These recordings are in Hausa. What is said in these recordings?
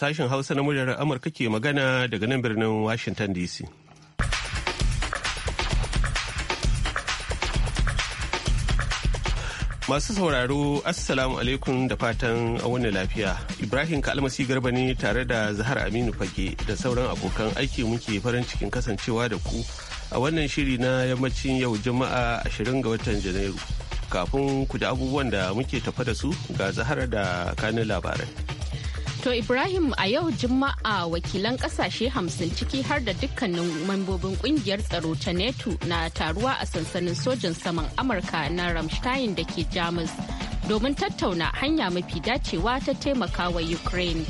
Sashen Hausa na muryar Amurka ke magana daga nan birnin Washington DC. Masu sauraro, Assalamu alaikum da fatan wani lafiya. Ibrahim Kalmasi Garba ne tare da Zahar Aminu Fage da sauran abokan aiki muke farin cikin kasancewa da ku a wannan shiri na yammacin yau Juma'a 20 ga watan Janairu. Kafin ku da abubuwan da muke tafa da su ga Zahara da kanin labarai. To Ibrahim a yau Juma'a wakilan kasashe hamsin ciki har da dukkanin mambobin kungiyar tsaro ta NATO na taruwa a sansanin sojan saman Amurka na Ramstein da ke Jamus domin tattauna hanya mafi dacewa ta taimakawa Ukraine.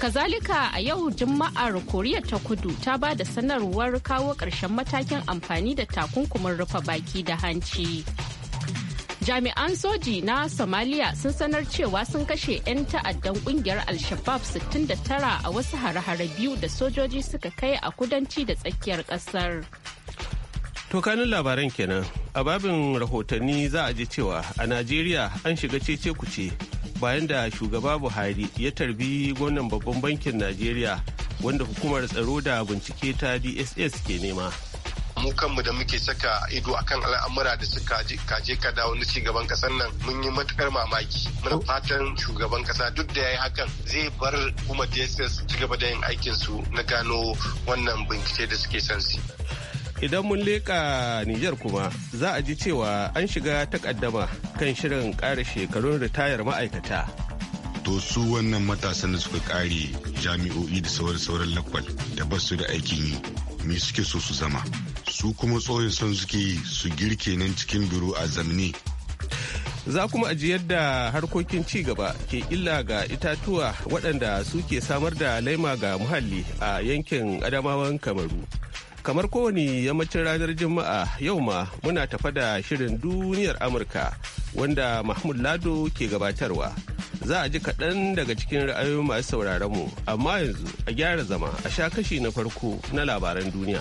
Kazalika a yau Juma'ar Koriya ta kudu ta ba da sanarwar kawo ƙarshen matakin amfani da takunkumin rufe baki da hanci. jami'an soji na somalia sun sanar cewa sun kashe 'yan ta'addan kungiyar al-shabab 69 a wasu hare-hare biyu da sojoji suka kai a kudanci da tsakiyar kasar Tokanin labaran kenan a babin rahotanni za a ji cewa a najeriya an shiga cece kuce bayan da shugaba buhari ya tarbi gwamnan babban bankin najeriya wanda hukumar tsaro da bincike ta dss ke nema mu kanmu da muke saka ido akan al'amura da suka kaje ka dawo na shugaban kasar nan mun yi matukar mamaki muna fatan shugaban kasa duk da ya yi hakan zai bar kuma dss ci gaba da yin aikin su na gano wannan bincike da suke son su idan mun leƙa Nijar kuma za a ji cewa an shiga takaddama kan shirin ƙara shekarun ritayar ma'aikata. To su wannan matasan da suka ƙare jami'o'i da sauran lakwal da basu da aikin yi me suke so su zama. su kuma tsoyin son suke su girke nan cikin biro a zamani. za kuma aji yadda harkokin ci gaba ke illa ga itatuwa waɗanda suke samar da laima ga muhalli a yankin adamawan kamaru kamar kowane yammacin ranar juma'a yau ma muna tafa da shirin duniyar amurka wanda mahmud lado ke gabatarwa za a ji kaɗan daga cikin ra'ayoyin masu sauraron mu amma yanzu a gyara zama a sha kashi na farko na labaran duniya.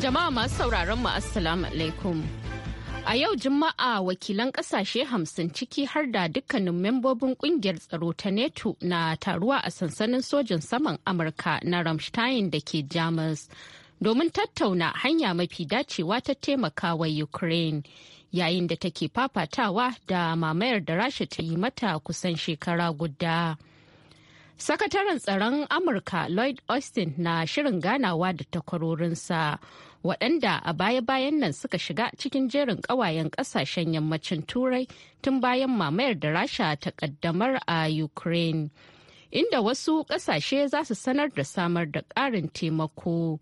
Jama'a masu sauraron mu Assalamu alaikum. A yau Juma'a wakilan kasashe hamsin ciki har da dukkanin membobin kungiyar tsaro ta NATO na taruwa a sansanin sojin saman Amurka na Ramstein da ke Jamus domin tattauna hanya mafi dacewa ta taimakawa Ukraine yayin da take fafatawa da mamayar da Rasha ta yi mata kusan shekara guda. Sakataren tsaron Amurka Lloyd Austin na shirin ganawa da takwarorinsa waɗanda a baya-bayan nan suka shiga cikin jerin ƙawayen ƙasashen yammacin Turai tun bayan mamayar da Rasha ta ƙaddamar a Ukraine, inda wasu ƙasashe za su sanar da samar da ƙarin taimako.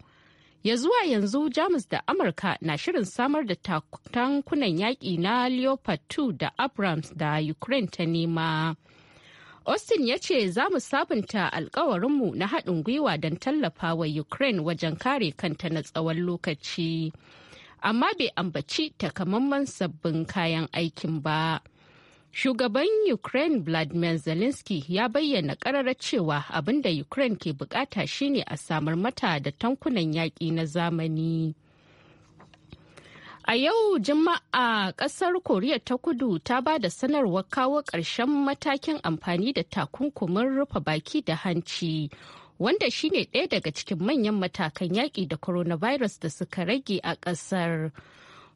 Ya zuwa yanzu Jamus da Amurka na shirin samar da tankunan yaƙi na Leopard 2 da Abrams da Ukraine ta nema. Austin ya ce za mu sabunta alkawarinmu na haɗin gwiwa don tallafa wa Ukraine wajen kare kanta na tsawon lokaci. Amma bai ambaci takamaiman sabbin kayan aikin ba. Shugaban Ukraine Vladimir Zelensky ya bayyana ƙararra cewa abinda Ukraine ke bukata shine a samar mata da tankunan yaƙi na zamani. A yau Juma'a ƙasar Koriya ta kudu ta ba da sanarwar kawo ƙarshen matakin amfani da takunkumin rufe baki da hanci. Wanda shi ne ɗaya daga cikin manyan matakan yaƙi da coronavirus da suka rage a ƙasar.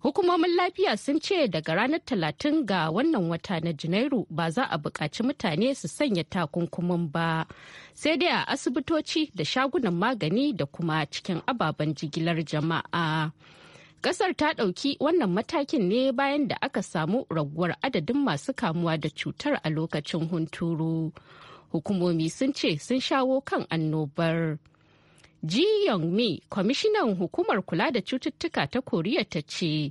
hukumomin lafiya sun ce daga ranar talatin ga wannan wata na janairu ba za a buƙaci mutane su sanya takunkumin ba sai dai a asibitoci da shagunan magani da kuma cikin ababen jigilar jama'a. Kasar ta ɗauki wannan matakin ne bayan da aka samu raguwar adadin masu kamuwa da cutar a lokacin hunturu. Hukumomi sun ce sun shawo kan annobar. Ji Yong-mi, kwamishinan hukumar kula da cututtuka ta Koriya ta ce,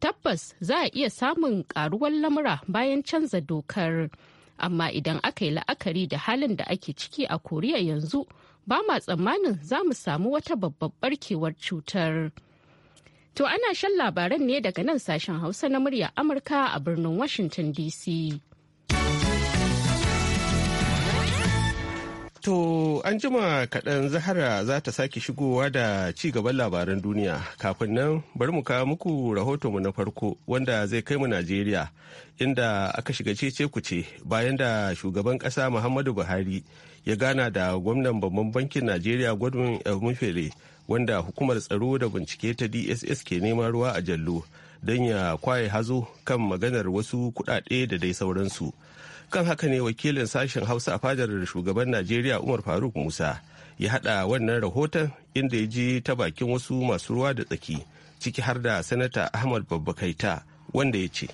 tabbas za a iya samun karuwar lamura bayan canza dokar. Amma idan aka yi la'akari da halin da ake ciki a Koriya yanzu, ba ma tsammanin za mu samu wata babbar barkewar cutar. To ana shan labaran ne daga nan sashen Hausa na murya Amurka a birnin Washington DC. To an jima kaɗan Zahara za ta sake shigowa da ci gaban labaran duniya. Kafin nan bari mu kawo muku rahotonmu na farko wanda zai kai mu Najeriya inda aka shiga cece ce, bayan da shugaban ƙasa Muhammadu Buhari ya gana da gwamnan babban bankin Najeriya Godwin Emefiele wanda hukumar tsaro da bincike ta dss ke neman ruwa a jallo don ya kwaye hazo kan maganar wasu kuɗaɗe da dai sauransu kan haka ne wakilin sashen hausa a fadar shugaban najeriya umar faruk musa ya haɗa wannan rahoton inda ya ji ta bakin wasu masu ruwa da tsaki ciki har da sanata ahmad babbakaita wanda ya ce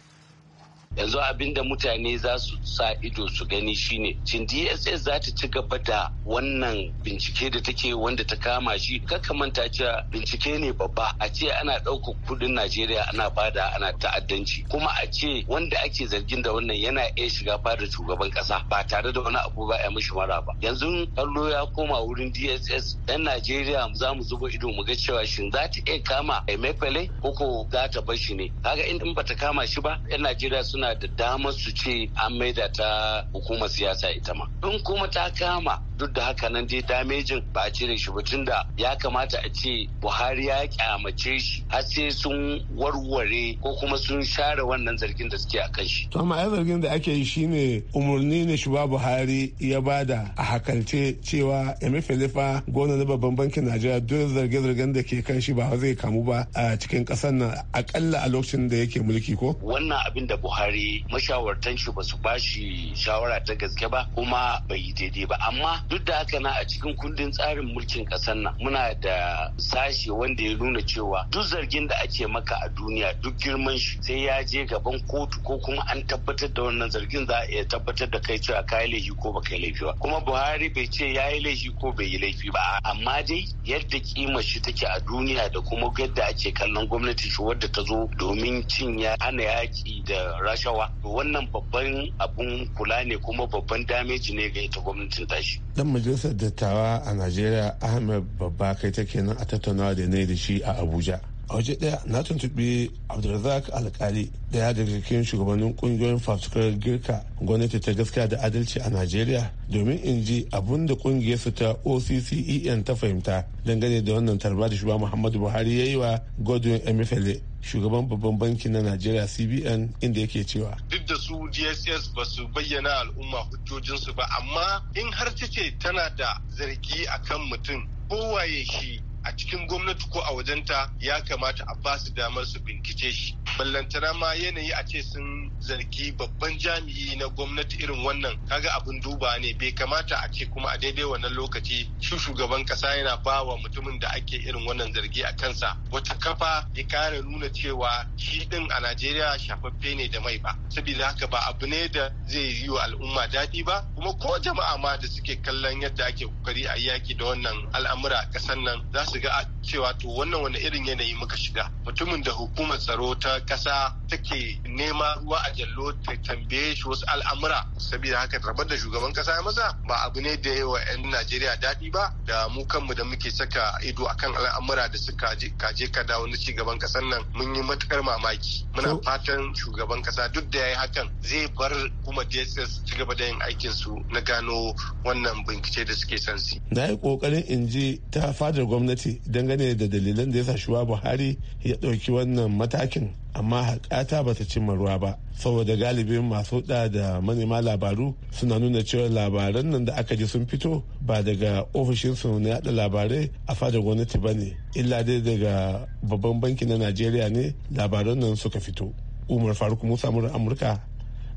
yanzu abin da mutane za su sa ido su gani shine shin dss za ta ci gaba da wannan bincike da take wanda ta kama shi kaka manta cewa bincike ne babba a ce ana ɗaukar kudin najeriya ana bada ana ta'addanci kuma a ce wanda ake zargin da wannan yana iya shiga fadar shugaban kasa ba tare da wani abu ba ya mishi mara ba yanzu kallo ya koma wurin dss yan najeriya za mu zuba ido mu ga cewa shin za ta iya kama emefele ko ko za ta bar shi ne kaga in ba ta kama shi ba yan najeriya suna suna da damar su ce an maida ta hukumar siyasa ita ma in kuma ta kama duk da haka nan dai damejin ba a cire shi ba da ya kamata a ce buhari ya kyamace shi har sai sun warware ko kuma sun share wannan zargin da suke a kan shi to amma zargin da ake yi shine umarni ne shugaba buhari ya bada a hakalce cewa emefiele fa gona na babban bankin najeriya duk zarge-zargen da ke kan shi ba zai kamu ba a cikin kasar nan akalla a lokacin da yake mulki ko wannan abin da buhari mashawartan shi ba su bashi shawara ta gaske ba kuma bai yi daidai ba amma duk da haka na a cikin kundin tsarin mulkin ƙasar nan muna da sashe wanda ya nuna cewa duk zargin da ake maka a duniya duk girman shi sai ya je gaban kotu ko kuma an tabbatar da wannan zargin za a iya tabbatar da kai cewa ka yi laifi ko baka yi laifi ba kuma buhari bai ce ya yi laifi ko bai yi laifi ba amma dai yadda kima shi take a duniya da kuma yadda ake kallon gwamnati shi wadda ta zo domin cin ya hana yaki da rashawa wannan babban abun kula ne kuma babban dameji ne ga ita gwamnatin tashi dan majalisar dattawa a najeriya ahmed babba kai ta kenan a tattaunawa da na da shi a abuja a waje daya na tuntuɓi abdulrazak alkali daya daga cikin shugabannin kungiyoyin fasukar girka gwamnati ta gaskiya da adalci a najeriya domin in ji abun da su ta occen ta fahimta dangane da wannan tarba da shugaba muhammadu buhari ya yi wa godwin emefele shugaban babban banki na najeriya cbn inda yake cewa duk da su dss ba su bayyana al'umma hujjojinsu ba amma in har ce tana da zargi akan mutum kowaye shi a cikin gwamnati ko a wajenta ya kamata a ba su damar su bincike shi ballantana ma yanayi a ce sun zargi babban jami'i na gwamnati irin wannan kaga abin duba ne bai kamata a ce kuma a daidai wannan lokaci shi shugaban kasa yana ba wa mutumin da ake irin wannan zargi a kansa wata kafa ya kara nuna cewa shi din a najeriya shafaffe ne da mai ba saboda haka ba abu ne da zai yi wa al'umma daɗi ba kuma ko jama'a ma da suke kallon yadda ake kokari a yaki da wannan al'amura kasan nan za su su ga cewa to wannan wani irin yanayi muka shiga mutumin da hukumar tsaro ta kasa take nema ruwa a jallo ta tambaye shi wasu al'amura saboda haka rabar da shugaban kasa ya masa ba abu ne da yawa 'yan Najeriya daɗi ba da mu kanmu da muke saka ido akan al'amura da suka kaje ka dawo na cigaban kasar nan mun yi matukar mamaki muna fatan shugaban kasa duk da ya hakan zai bar kuma DSS ci gaba da yin aikin su na gano wannan bincike da suke su. Na yi kokarin in ji ta fadar gwamnati gwamnati dangane da dalilan da ya sa shuwa buhari ya ɗauki wannan matakin amma haƙata bata ta cimma ruwa ba saboda galibin masu da da manema labaru suna nuna cewa labaran nan da aka ji sun fito ba daga ofishinsu na yada labarai a fadar gwamnati ba ne illa dai daga babban banki na najeriya ne labaran nan suka fito umar faruk musa murar amurka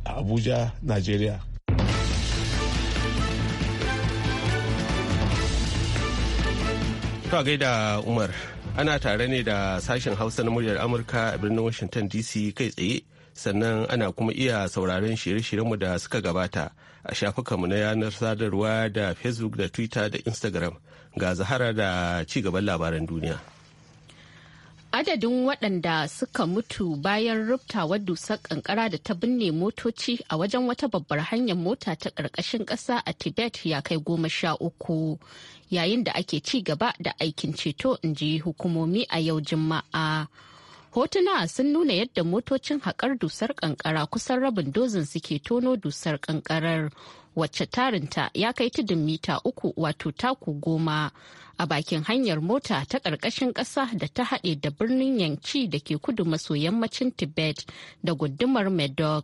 a abuja najeriya To da Umar, ana tare ne da sashen Hausa na muryar Amurka a birnin Washington DC kai tsaye, sannan ana kuma iya sauraron shirye-shiryenmu da suka gabata a mu na yanar sadarwa da Facebook da Twitter da Instagram ga Zahara da ci gaban labaran duniya. Adadin waɗanda suka mutu bayan rubtawar dusar kankara da ta binne motoci a wajen wata babbar hanyar mota ta ƙarƙashin ƙasa a Tibet ya kai goma sha uku yayin da ake ci gaba da aikin ceto in ji hukumomi a yau Juma'a. hotuna sun nuna yadda motocin haƙar dusar ƙanƙara kusan rabin dozin suke tono dusar ƙanƙarar wacce tarinta ya kai tudun mita uku wato taku goma a bakin hanyar mota ta ƙarƙashin ƙasa da ta haɗe da birnin yanci da ke kudu maso yammacin tibet da gudumar medog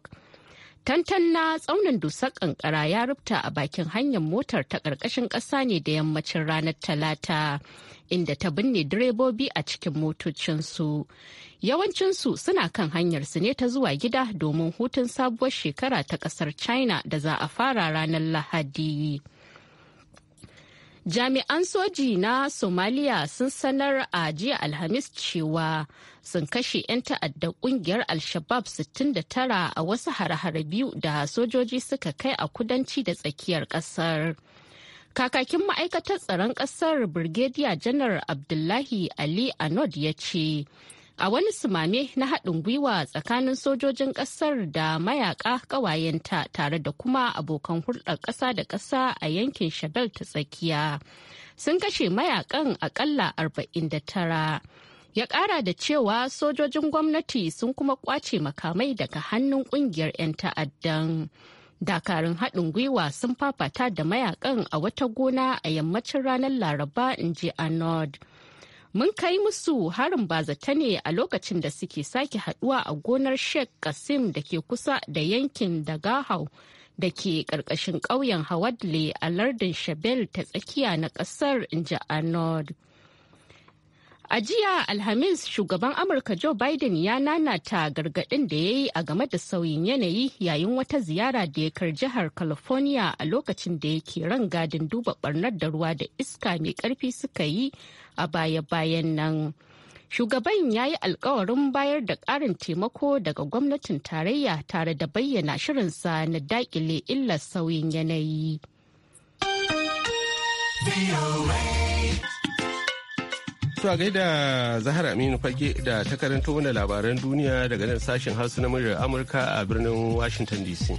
Tantanna tsaunin dusar kankara ya rubta a bakin hanyar motar ta ƙarƙashin ƙasa ne da yammacin ranar Talata, inda ta binne direbobi a cikin motocinsu. Yawancinsu suna kan hanyarsu ne ta zuwa gida domin hutun sabuwar shekara ta ƙasar China da za a fara ranar Lahadi. Jami'an soji na Somaliya sun sanar a jiya Alhamis cewa sun kashe 'yan ta'addar kungiyar Al-Shabab 69 a wasu hare-hare biyu da sojoji suka kai a kudanci da tsakiyar kasar. Kakakin ma'aikatar tsaron kasar Brigadier Janar Abdullahi Ali Anod ya ce, a wani sumame na haɗin gwiwa tsakanin sojojin ƙasar da mayaƙa ƙawayenta tare da kuma abokan hulɗar ƙasa da ƙasa a yankin shagal ta tsakiya sun kashe mayaƙan aƙalla 49 ya ƙara da cewa sojojin gwamnati sun kuma ƙwace makamai daga hannun ƙungiyar 'yan ta'addan dakarun haɗin gwiwa sun fafata da mayakan a wata gona a yammacin ranar laraba in ji Arnold. Mun kai musu harin bazata ne a lokacin da suke sake haduwa a gonar Sheikh Kasim da ke kusa da yankin Dagahau da ke karkashin ƙauyen Hawadle a lardin Shabel ta tsakiya na ƙasar Inji arnold A jiya Alhamis shugaban Amurka Joe Biden ya nanata gargaɗin da ya yi a game da sauyin yanayi yayin wata ziyara da ya kar jihar California a lokacin da ya yake rangadin duba barnar da ruwa da iska mai ƙarfi suka yi a baya-bayan nan. Shugaban ya yi alkawarin bayar da ƙarin taimako daga gwamnatin tarayya tare da bayyana shirinsa na daƙile illar sauyin yanayi. To a gaida Zahar Aminu Fage da ta karanto wani labaran duniya daga nan sashen Hausa na muryar Amurka a birnin Washington DC.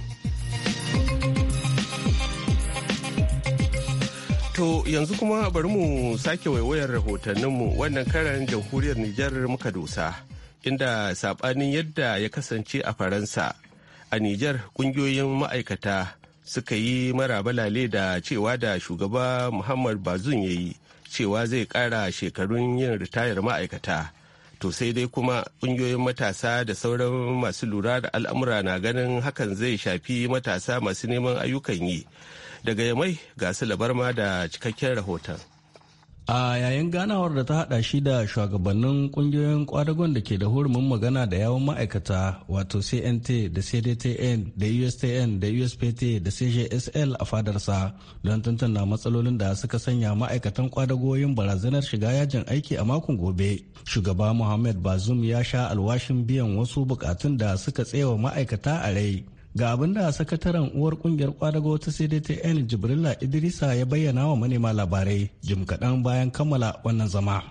To yanzu kuma bari mu sake waiwayar rahotanninmu wannan karan jamhuriyar Nijar muka dosa, inda sabanin yadda ya kasance a Faransa. A Nijar kungiyoyin ma'aikata suka yi mara marabalale da cewa da shugaba Muhammad Bazoum ya yi. cewa zai kara shekarun yin ritayar ma'aikata to sai dai kuma ƙungiyoyin matasa da sauran masu lura da al'amura na ganin hakan zai shafi matasa masu neman ayyukan yi daga yamai ga su labar ma da cikakken rahoton. a yayin ganawar da ta hada shi da shugabannin kungiyoyin kwadagon da ke da hurumin magana da yawon ma'aikata wato cnt da cdtn da ustn da uspt da cjsl a fadarsa don tantana matsalolin da suka sanya ma'aikatan kwadagoyin barazanar shiga yajin aiki a makon gobe shugaba muhammad bazum ya sha alwashin biyan wasu bukatun da suka tsewa ma'aikata a rai ga abin da sakataren uwar kungiyar kwadago ta cdtn jibrila idrisa ya bayyana wa manema labarai jim kaɗan bayan kammala wannan zama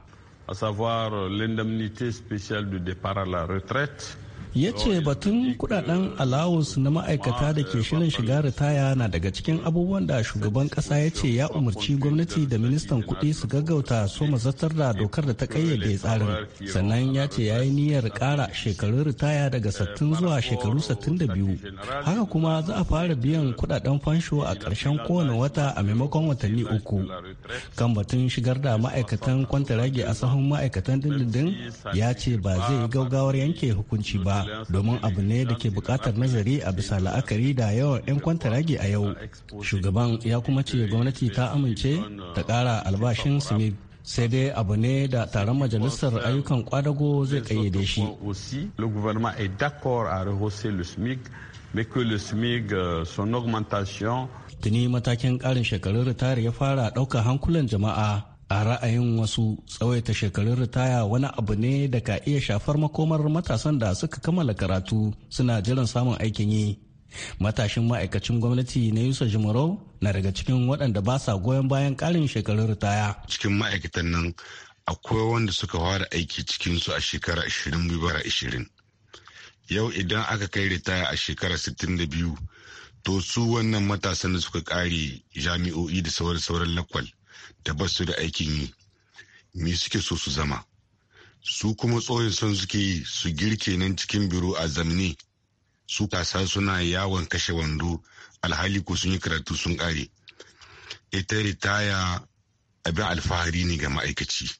a savoir l'indemnité spéciale du départ à la retraite ya ce batun kudaden alawus na ma'aikata da ke shirin shiga ritaya na daga cikin abubuwan da shugaban kasa ya ce ya umarci gwamnati da ministan kudi su gaggauta so mazatar da dokar da ta kayyade tsarin sannan ya ce ya yi niyyar kara shekarun ritaya daga sattin zuwa shekaru sattin da biyu haka kuma za a fara biyan kudaden fansho a ƙarshen kowane wata a maimakon watanni uku kan batun shigar da ma'aikatan kwantarage a sahun ma'aikatan dindindin ya ce ba zai yi gaugawar yanke hukunci ba domin abu ne da ke bukatar nazari a bisa la'akari da yawan 'yan kwantaragi a yau shugaban ya kuma ce gwamnati ta amince ta ƙara albashin smith sai dai abu ne da taron majalisar ayyukan kwadago zai kayyade shi. Euh, Tuni matakin karin shekarun ritari ya fara ɗaukar hankulan jama'a a ra'ayin wasu tsawaita shekarun ritaya wani abu ne da ka iya shafar makomar matasan da suka kammala karatu suna jiran samun aikin yi matashin ma'aikacin gwamnati na yusa jimarau na daga cikin waɗanda ba sa goyon bayan ƙarin shekarun ritaya cikin ma'aikatan nan akwai wanda suka fara aiki cikinsu a shekara 20 yau idan aka kai ritaya a shekara 62 to su wannan matasan da suka kare jami'o'i da sauran sauran lakwal da ba su da aikin yi me suke so su zama su kuma tsohon son suke yi su girke nan cikin biro a zamani. su kasa suna yawon kashe wando alhali ko sun yi karatu sun kare ita ritaya abin alfahari ne ga ma'aikaci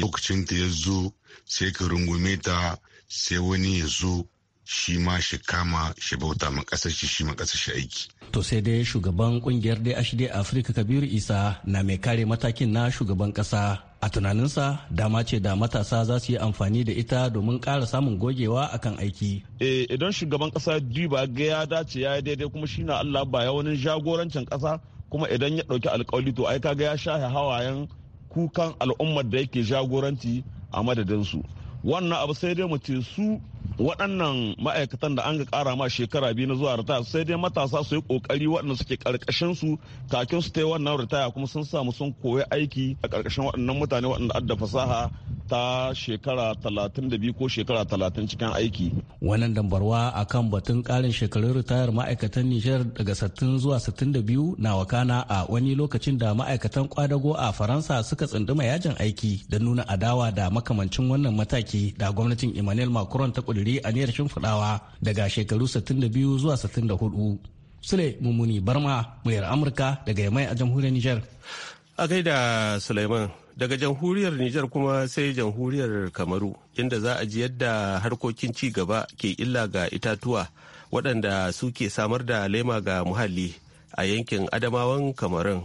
lokacin ta ya zo sai ka rungume ta sai wani ya zo shi ma shi kama shi bauta ma kasar shi shi ma kasar shi aiki. To sai dai shugaban kungiyar dai Afirka Kabiru Isa na mai kare matakin na shugaban kasa a tunaninsa dama ce da matasa za su yi amfani da ita domin kara samun gogewa akan aiki. e Idan shugaban ƙasa duba ga ya dace ya daidai kuma shi na Allah ba ya wani jagorancin ƙasa kuma idan ya ɗauki alƙawali to ai kaga ya shahe hawayen kukan al'ummar da yake jagoranci a madadinsu. Wannan abu sai dai mu ce su waɗannan ma'aikatan da an ga ƙara ma shekara biyu na zuwa ritaya sai dai matasa su yi ƙoƙari waɗanda suke ƙarƙashin su kakin su ta yi wannan ritaya kuma sun samu sun koya aiki a ƙarƙashin waɗannan mutane waɗanda adda fasaha ta shekara talatin da biyu ko shekara talatin cikin aiki. Wannan dambarwa a kan batun ƙarin shekarun ritayar ma'aikatan Nijar daga sittin zuwa sittin da biyu na wakana a wani lokacin da ma'aikatan kwadago a Faransa suka tsunduma yajin aiki da nuna adawa da makamancin wannan mataki da gwamnatin Emmanuel Macron ta a aniyar shimfiɗawa daga shekaru 62 zuwa 64. Sule Mummuni Barma, muryar Amurka daga Yamai a jamhuriyar Nijar. A gaida Suleiman, daga jamhuriyar Nijar kuma sai jamhuriyar Kamaru, inda za a ji yadda harkokin ci gaba ke illa ga itatuwa waɗanda suke samar da lema ga muhalli a yankin Adamawan Kamarun.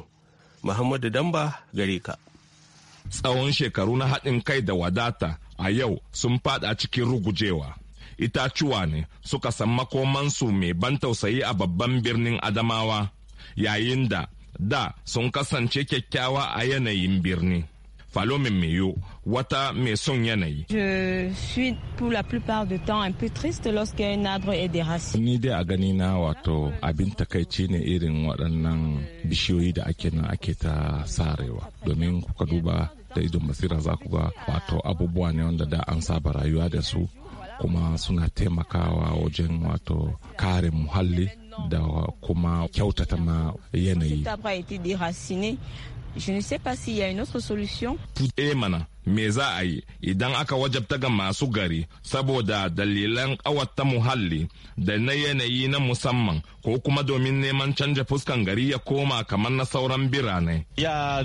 Muhammadu Damba gare ka. Tsawon shekaru na haɗin kai da wadata a yau sun faɗa cikin rugujewa. itacuwa ne suka san makomansu mai ban tausayi a babban birnin Adamawa, yayin da da sun kasance kyakkyawa a yanayin birni. Falomin Meyo wata mai son yanayi. Je suis pour la plupart du temps un peu triste lorsque un arbre est Ni dai a gani na wato abin takaici ne irin waɗannan bishiyoyi da ake nan ake ta sarewa. Domin kuka duba da idon basira za ku ga wato abubuwa ne wanda da an saba rayuwa da su kuma suna taimakawa wajen wato kare muhalli da kuma kyautata ma yanayi. Je ne sais pas s'il y a solution. Tout est eh, maintenant. me za a yi idan aka wajabta ga masu gari saboda dalilan ƙawata muhalli da na yanayi na musamman ko kuma domin neman canja fuskan gari ya koma kamar na sauran birane. Ya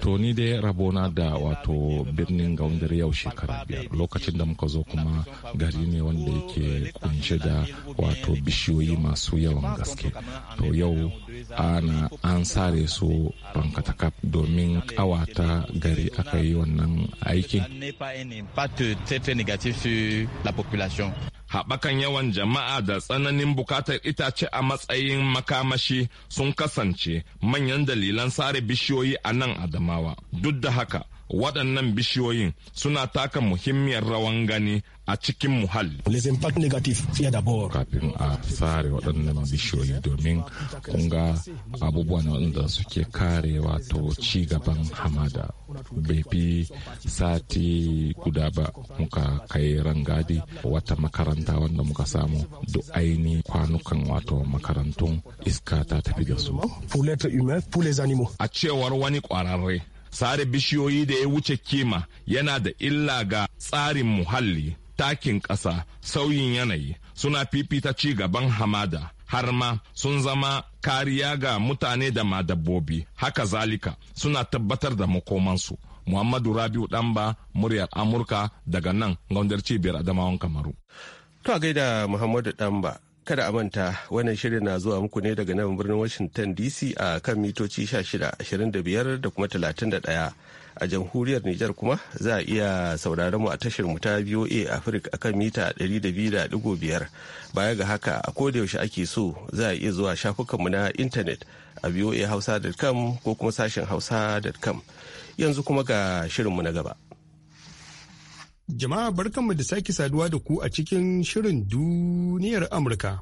To ni dai rabona da wato birnin gaundar yau shekara biyar lokacin da muka zo kuma gari ne wanda yake kunshe da wato bishiyoyi masu yawan gaske. To yau ana an sare su kap. domin kawata gari aka yi wannan aikin haɓakan yawan jama'a da tsananin bukatar itace a matsayin makamashi sun kasance manyan dalilan sare bishiyoyi a nan adamawa duk da haka waɗannan bishiyoyin suna taka muhimmiyar rawan gani a cikin muhalli. Les impacts négatifs fiye da bor. Kafin a sare waɗannan bishiyoyi domin kunga abubuwa na waɗanda suke kare wato ci gaban hamada. Bai fi sati guda ba muka kai rangadi wata makaranta wanda muka samu duk aini kwanukan wato makarantun iska ta tafi da su. A cewar wani kwararre sare bishiyoyi da ya wuce kima yana da illa ga tsarin muhalli takin ƙasa sauyin yanayi suna fifita ci gaban hamada har ma sun zama kariya ga mutane da ma dabbobi haka zalika suna tabbatar da makomansu muhammadu rabiu ɗanba muryar amurka daga nan gaundar cibiyar adamawan kamaru to a gaida muhammadu ɗanba Kada a manta wannan shirin na zuwa muku ne daga nan birnin Washington DC a kan mitoci 16, 25 da kuma 31. a jamhuriyar Nijar kuma za a iya sauraron mu a tashar mu ta VOA Africa a kan mita 200.5 baya ga haka a koda yaushe ake so za a iya zuwa shafukan mu na intanet a voahausa.com ko kuma sashen hausa.com yanzu kuma ga shirinmu na gaba. Jama'a barkanmu da sake saduwa da ku a cikin shirin duniyar Amurka.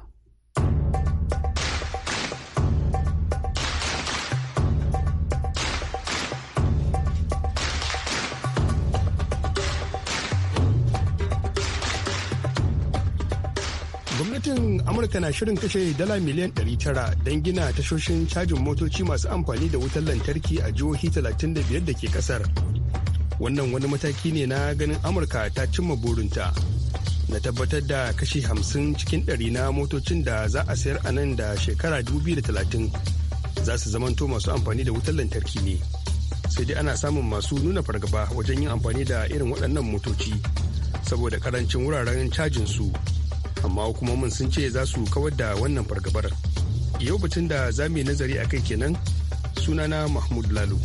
Gwamnatin Amurka na shirin kashe dala miliyan 900 don gina tashoshin cajin motoci masu amfani da wutar lantarki a jihohi 35 da ke kasar. wannan wani mataki ne na ganin amurka ta cimma burinta na tabbatar da kashi hamsin cikin ɗari na motocin da za a sayar a nan da shekara 2030 za su zamanto masu amfani da wutar lantarki ne sai dai ana samun masu nuna fargaba wajen yin amfani da irin waɗannan motoci saboda karancin wuraren cajin su amma hukumomin sun ce za su kawar da wannan fargabar yau batun da za mu yi nazari a kai kenan sunana mahmud lalu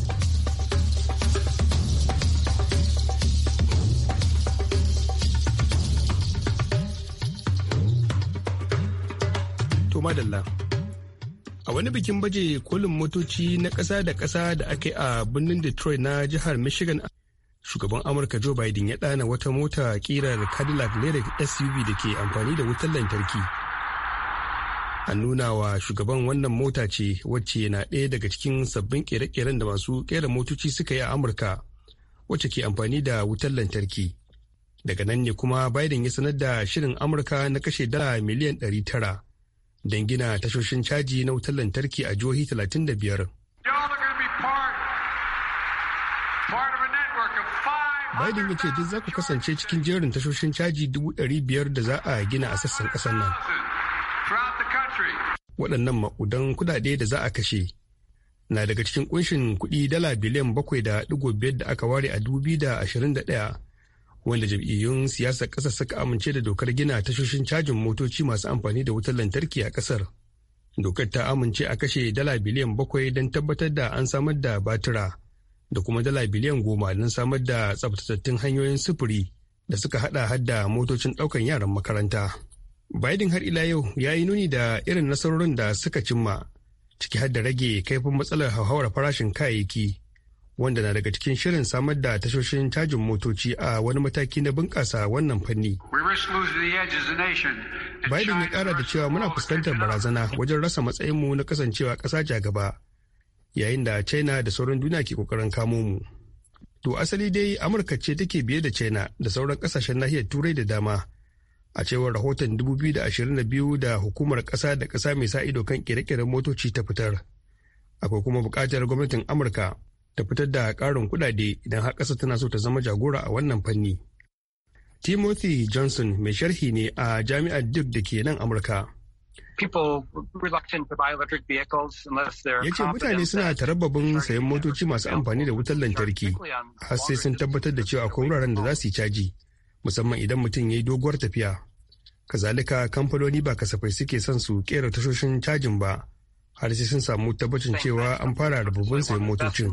To madalla. A wani bikin baje kolin motoci na ƙasa da ƙasa da aka yi a birnin Detroit na jihar Michigan, shugaban Amurka Joe Biden ya ɗana wata mota ƙirar Cadillac Lyric SUV da ke amfani da wutar lantarki. A nuna wa shugaban wannan mota ce wacce na ɗaya daga cikin sabbin ƙere-ƙeren da masu ƙera motoci suka yi a Amurka, wacce ke amfani da wutar lantarki. Daga nan ne kuma Biden ya sanar da shirin Amurka na kashe dala miliyan ɗari tara. don gina tashoshin caji na wutar lantarki a jihohi 35. Biden ya ce duk za ku kasance cikin jerin tashoshin caji 500 da za a gina a sassan ƙasar nan. Waɗannan maƙudan kuɗaɗe da za a kashe na daga cikin kunshin kuɗi dala biliyan bakwai da ɗigo biyar da aka ware a dubi wanda jam'iyyun siyasar ƙasar suka amince da dokar gina tashoshin cajin motoci masu amfani da wutar lantarki a ƙasar. Dokar ta amince a kashe dala biliyan bakwai don tabbatar da an samar da batira da kuma dala biliyan goma don samar da tsabtatattun hanyoyin sufuri da suka hada hadda motocin ɗaukan yaran makaranta. Biden har ila yau ya yi nuni da irin nasarorin da suka cimma ciki har da rage kaifin matsalar hauhawar farashin kayayyaki wanda na daga cikin shirin samar da tashoshin cajin motoci a wani mataki na bunƙasa wannan fanni. Biden ya kara da cewa muna fuskantar barazana wajen rasa matsayinmu na kasancewa ƙasa ja gaba, yayin da China da sauran duniya ke ƙoƙarin kamo mu. To asali dai Amurka ce take biye da China da sauran kasashen nahiyar Turai da dama. A cewar rahoton 2022 da hukumar ƙasa da ƙasa mai sa ido kan ƙere-ƙeren motoci ta fitar. Akwai kuma buƙatar gwamnatin Amurka ta fitar da ƙarin kuɗaɗe idan har ƙasa tana so ta zama jagora a wannan fanni. Timothy Johnson mai sharhi ne a jami'ar Duke da ke nan Amurka. Ya ce mutane suna tarababin sayan motoci masu amfani da wutar lantarki har sai sun tabbatar da cewa akwai wuraren da za su yi caji musamman idan mutum ya yi doguwar tafiya. Kazalika kamfanoni ba kasafai suke son su kera tashoshin cajin ba har sai sun samu tabbacin cewa an fara rububin sayan motocin.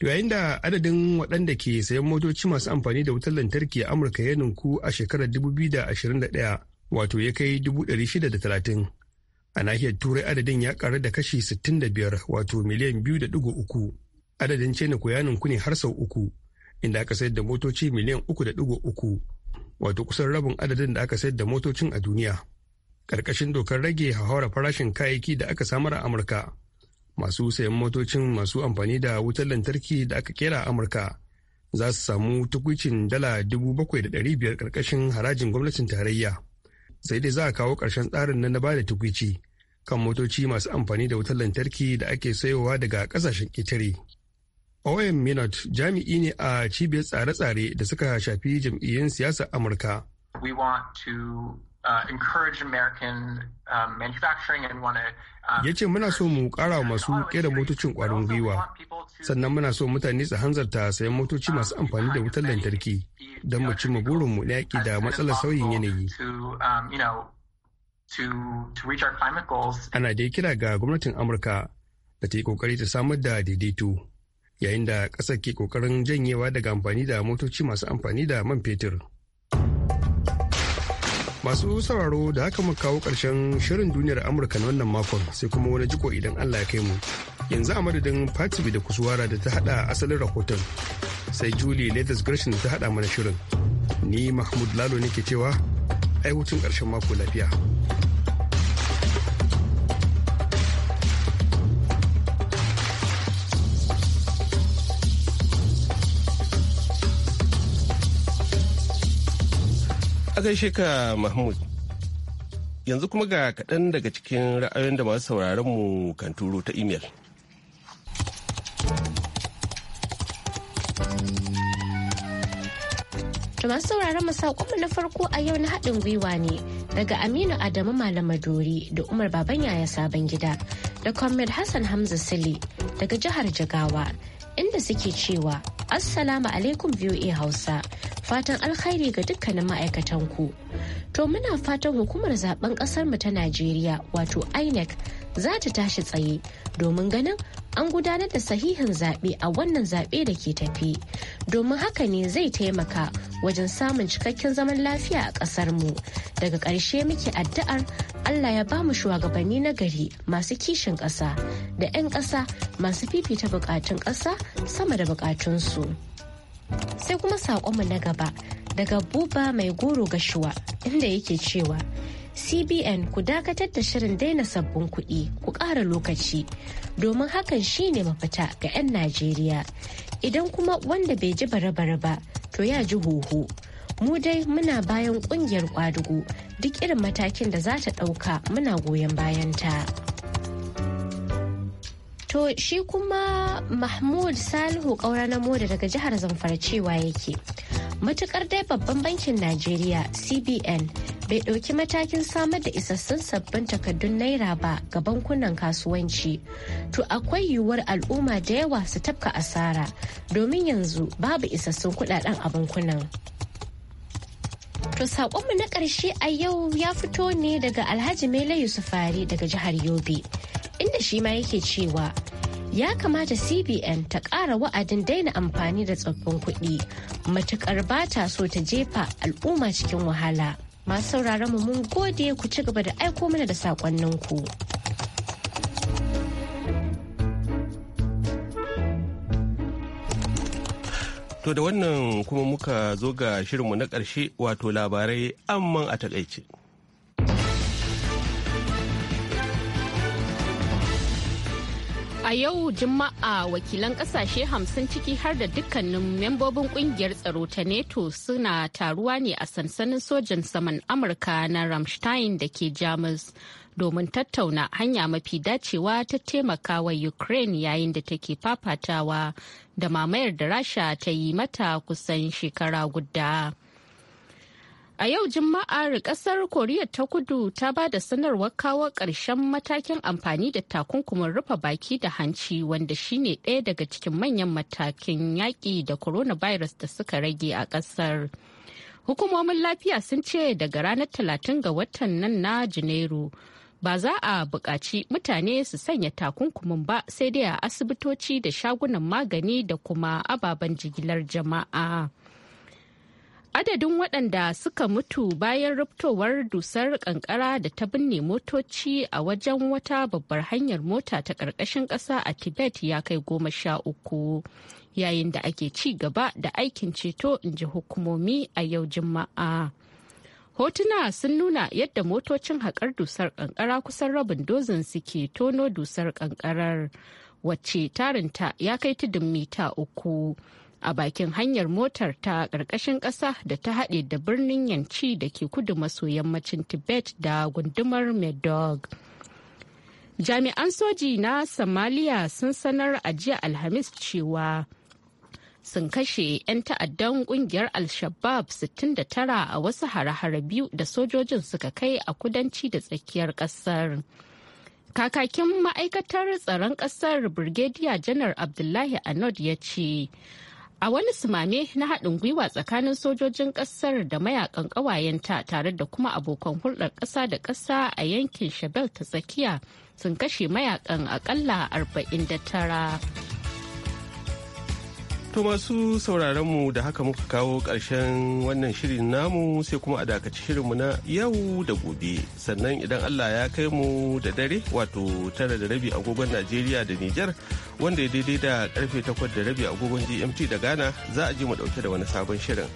Yayin da adadin waɗanda ke sayan motoci masu amfani da wutar lantarki a Amurka ya ninku a shekarar 2021 wato ya kai 630. A nahiyar Turai adadin ya ƙaru da kashi 65 wato miliyan 2.3. Adadin China ku ya ninku ne har sau uku, inda aka sayar da motoci miliyan 3.3 wato kusan rabin adadin da aka sayar da motocin a duniya. ƙarƙashin dokar rage hauhawar farashin kayayyaki da aka samar a amurka masu sayan motocin masu amfani da wutar lantarki da aka kera a amurka za su samu tukwicin dala dubu bakwai da ɗari biyar ƙarƙashin harajin gwamnatin tarayya sai dai za a kawo ƙarshen tsarin na ba da tukwici kan motoci masu amfani da wutar lantarki da ake sayowa daga ƙasashen ƙetare. Owen Minot jami'i ne a cibiyar tsare-tsare da suka shafi jam'iyyun siyasar Amurka. Uh, encourage American um, manufacturing and want um, ya ce muna so mu kara masu kera motocin kwarin gwiwa sannan muna so mutane su hanzarta sayan motoci masu um, amfani da wutar lantarki don mu cimma burinmu na yaki da matsalar sauyin yanayi ana dai kira ga gwamnatin amurka da ta yi kokari ta samar da daidaito yayin da ƙasar ke kokarin janyewa daga amfani da motoci masu amfani da man fetur. masu sauraro da haka muka kawo ƙarshen shirin duniyar amurka na wannan makon sai kuma wani jiko idan allah ya kai mu yanzu a madadin fatibi da kuswara da ta hada asalin rahoton sai julie latest gershon da ta hada mana shirin ni mahmud lalo ke cewa ai hutun ƙarshen mako lafiya A gaishe ka Mahmud. Yanzu kuma ga kaɗan daga cikin ra'ayoyin da masu sauraron mu kan turo ta imel. To masu sauraron mu na farko a yau na haɗin gwiwa ne daga Aminu Adamu Malamadori da Umar Baban Yaya Sabon Gida da Comrade Hassan Hamza Sile daga jihar Jigawa inda suke cewa Assalamu alaikum VOA Hausa fatan alkhairi ga dukkanin ma'aikatan ku. To muna fatan hukumar zaben kasar mu ta Najeriya wato INEC za ta tashi tsaye domin ganin an gudanar da sahihin zaɓe a wannan zaɓe da ke tafi. Domin haka ne zai taimaka wajen samun cikakken zaman lafiya a ƙasar mu. Daga ƙarshe muke addu'ar Allah ya bamu shugabanni na gari masu kishin ƙasa da 'yan ƙasa masu fifita buƙatun ƙasa sama da buƙatunsu. Sai kuma mu na gaba daga buba mai goro gashuwa inda yake cewa CBN ku dakatar da shirin daina sabbin kuɗi ku ƙara lokaci domin hakan shine mafita ga 'yan Najeriya. Idan kuma wanda bai ji bare-bare ba to ya ji hoho. Mu dai muna bayan ƙungiyar ƙwadago duk irin matakin da za ta ɗauka muna goyon bayanta. ta. To shi kuma Mahmud Salihu ƙaura na moda daga jihar Zamfara cewa yake. Matukar dai babban bankin Najeriya CBN bai ɗauki matakin samar da isassun sabbin takardun naira ba ga bankunan kasuwanci to akwai yiwuwar al'umma da yawa su tafka asara domin yanzu babu isassun kudaden a bankunan to saƙonmu na ƙarshe a yau ya fito ne daga alhaji mele yusufari daga jihar yobe inda shi ma yake cewa ya kamata cbn ta ƙara wa'adin daina amfani da tsoffin kuɗi matuƙar ba ta so ta jefa al'umma cikin wahala masu sauraron mu mun gode ku ci gaba da aiko mana da saƙonninku. To da wannan kuma muka zo ga shirinmu na ƙarshe wato labarai amman a takaice. a yau Juma'a wakilan kasashe hamsin ciki har da dukkanin membobin kungiyar tsaro ta NATO suna taruwa ne a sansanin sojan saman Amurka na Ramstein da ke Jamus domin tattauna hanya mafi dacewa ta taimaka wa Ukraine yayin da take fafatawa da mamayar da Rasha ta yi mata kusan shekara guda. A yau Juma'ar, kasar Koriya ta kudu ta ba da sanarwar kawo ƙarshen matakin amfani da takunkumin rufe baki da hanci wanda shine ɗaya daga cikin manyan matakin yaƙi da coronavirus da suka rage a ƙasar. Hukumomin lafiya sun ce daga ranar talatin ga watan nan na Janairu ba za a buƙaci mutane su sanya takunkumin ba sai dai a asibitoci da shagunan magani da kuma ababen jigilar jama'a. adadin waɗanda suka mutu bayan rubtowar dusar ƙanƙara da ta binne motoci a wajen wata babbar hanyar mota ta ƙarƙashin ƙasa a tibet ya kai goma sha uku yayin da ake ci gaba da aikin ceto in ji hukumomi a yau juma'a hotuna sun nuna yadda motocin haƙar dusar ƙanƙara kusan rabin dozin suke tono dusar ƙanƙarar wacce tarinta ya kai tudun mita uku a bakin hanyar motar ta ƙarƙashin ƙasa da ta haɗe da birnin yanci da ke kudu maso yammacin tibet da gundumar medog jami'an soji na somalia sun sanar a jiya alhamis cewa sun kashe 'yan ta'addan kungiyar al-shabab 69 a wasu hare-hare biyu da sojojin suka kai a kudanci da tsakiyar ƙasar. kakakin ma'aikatar tsaron ƙasar brigadier janar abdullahi anod ya ce a wani sumame na haɗin gwiwa tsakanin sojojin ƙasar da mayakan ƙawayenta tare da kuma abokan hulɗar ƙasa da ƙasa a yankin shabel ta tsakiya sun kashe mayakan aƙalla 49. To masu mu da haka muka kawo ƙarshen wannan shirin namu sai kuma a dakaci shirinmu na yau da gobe. Sannan idan Allah ya kai mu da dare wato tara da rabi agogon Najeriya da Niger wanda ya daidai da karfe takwas da rabi agogon GMT da Ghana za a ji mu dauke da wani sabon shirin.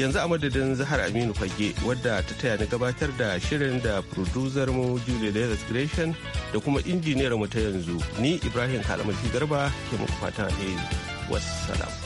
Yanzu a madadin Zahar Aminu Fage wadda ta taya ni gabatar da shirin da producer mu Julie Lewis Gresham da kuma injiniyar mu ta yanzu ni Ibrahim Kalamashi Garba ke muku fata alheri. والسلام